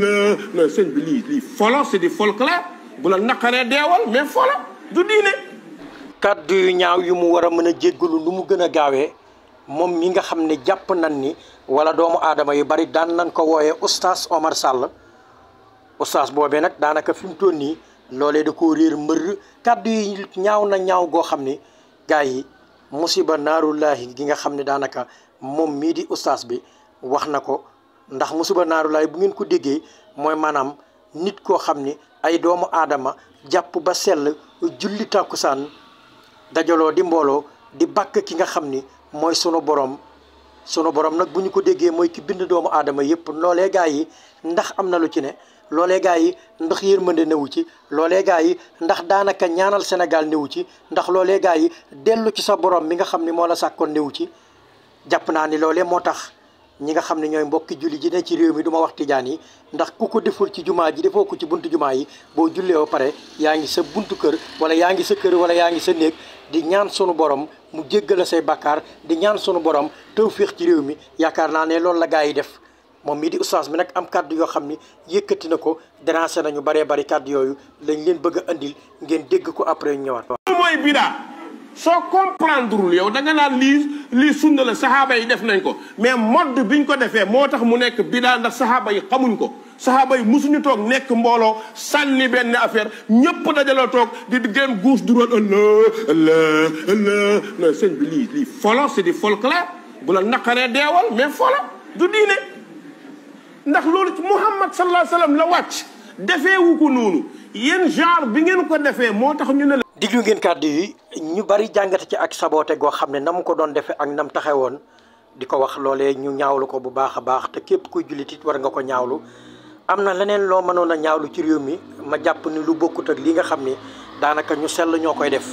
la la sëñ bi lii folo c'est du folklore bu la naqaree deewal mais folo du diine kàddu yu ñaaw yu mu war a mën a jéggalu lu mu gën a gaawee moom mi nga xam ne jàpp nan ni wala doomu aadama yi bari daan nan ko wooye oustaz Omar Sall oustaz boobe nag daanaka fi mu toll nii loole da koo réer mbër kàddu yi ñaaw na ñaaw goo xam ni gars yi musiba naarullahi gi nga xam ne daanaka moom mii di oustaz bi wax na ko ndax suba naaru lay bu ngeen ko déggee mooy maanaam nit koo xam ni ay doomu aadama jàpp ba sell julli tàkkusaan dajaloo di mbooloo di bàkk ki nga xam ni mooy sunu borom sunu borom nag bu ñu ko déggee mooy ki bind doomu aadama yëpp loolee gaa yi ndax am na lu ci ne loolee gaa yi ndax yërmande newu ci loolee gaa yi ndax daanaka ñaanal Sénégal newu ci ndax loolee gaa yi dellu ci sa borom mi nga xam ni moo la sàkkoon newu ci jàpp naa ni loolee moo tax ñi nga xam ne ñooy mbokki julli ji ne ci réew mi du ma wax tijaan yi ndax ku ko deful ci jumaa ji defoo ko ci buntu jumaa yi boo jullee ba pare yaa ngi sa buntu kër wala yaa ngi sa kër wala yaa ngi sa néeg di ñaan sunu borom mu jéggala say bàkkaar di ñaan sunu borom tawféex ci réew mi yaakaar naa ne loolu la gaa yi def moom mii di oustaz bi nag am kàddu yoo xam ni yëkkati na ko déranger nañu baree bari kàdd yooyu lañ leen bëgg a ngeen dégg ko après ñëwaat. mooy soo comprendrewul yow da nga naan lii lii sunna la saxaaba yi def nañ ko mais modd bi ñu ko defee moo tax mu nekk bidaa ndax saxaaba yi xamuñ ko saxaaba yi musuñu toog nekk mbooloo sànni benn affaire ñëpp dajaloo toog di gën guus dural allah allah allah non sëñ bi bu la naqaree deewal mais folo du diine ndax loolu ci Muhammad sallallahu alayhi wa sallam la wàcc defeewu ko noonu yéen genre bi ngeen ko defee moo tax ñu ne diglu ngeen kàddu yi ñu bari jàngate ci ak saboote goo xam ne na mu ko doon defee ak nam taxe woon di ko wax loole ñu ñaawlu ko bu baax a baax te képp kuy jullit it war nga ko ñaawlu am na leneen loo mënoon a ñaawlu ci réew mi ma jàpp ni lu bokkut ak li nga xam ni daanaka ñu sell ñoo koy def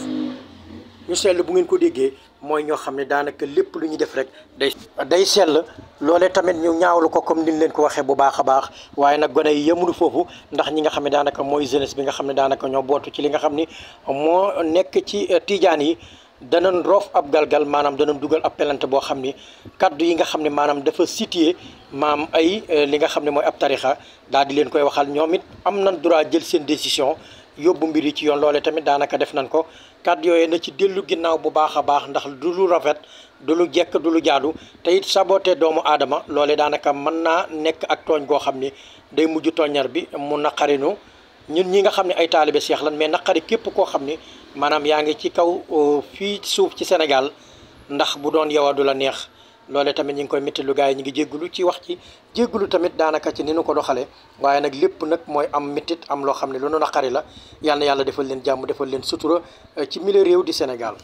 ñu sell bu ngeen ko déggee mooy ñoo xam ne daanaka lépp lu ñuy def rek day day sell loolee tamit ñu ñaawlu ko comme ni ñu leen ko waxee bu baax a baax waaye nag gone yi yemunu foofu ndax ñi nga xam ne daanaka mooy jeunesse bi nga xam ne daanaka ñoo bootu ci li nga xam ni moo nekk ci eh, tijaan yi danañ roof ab galgal maanaam dana dugal ab pelante boo xam ni kaddu yi nga xam ne maanaam dafa situé maam ay eh, li nga xam ne mooy ab tarixa daal di leen koy waxal ñoom it am nañ droit jël seen décision yóbbu mbir yi ci yoon loole tamit daanaka def nañ ko kàddu yooyu na ci dellu ginnaaw bu baax a baax ndax du lu rafet du lu jekk du lu jaadu te it saboté doomu aadama loole daanaka mën naa nekk ak tooñ goo xam ni day mujj tooñar bi mu naqarinu ñun ñi nga xam ne ay taalibe seex lan mais naqari képp koo xam ni maanaam yaa ngi ci kaw euh, fii suuf ci Sénégal ndax bu doon yow a du la neex loolee tamit ñi ngi koy métti lu gars yi ñi ngi jéggulu ci wax ci jéggulu tamit daanaka ci ni nu ko doxalee waaye nag lépp nag mooy am méttit am loo xam ne lu nu naqari la yàlla yàlla defal leen jàmm defal leen sutura eh, ci milieu réew di Sénégal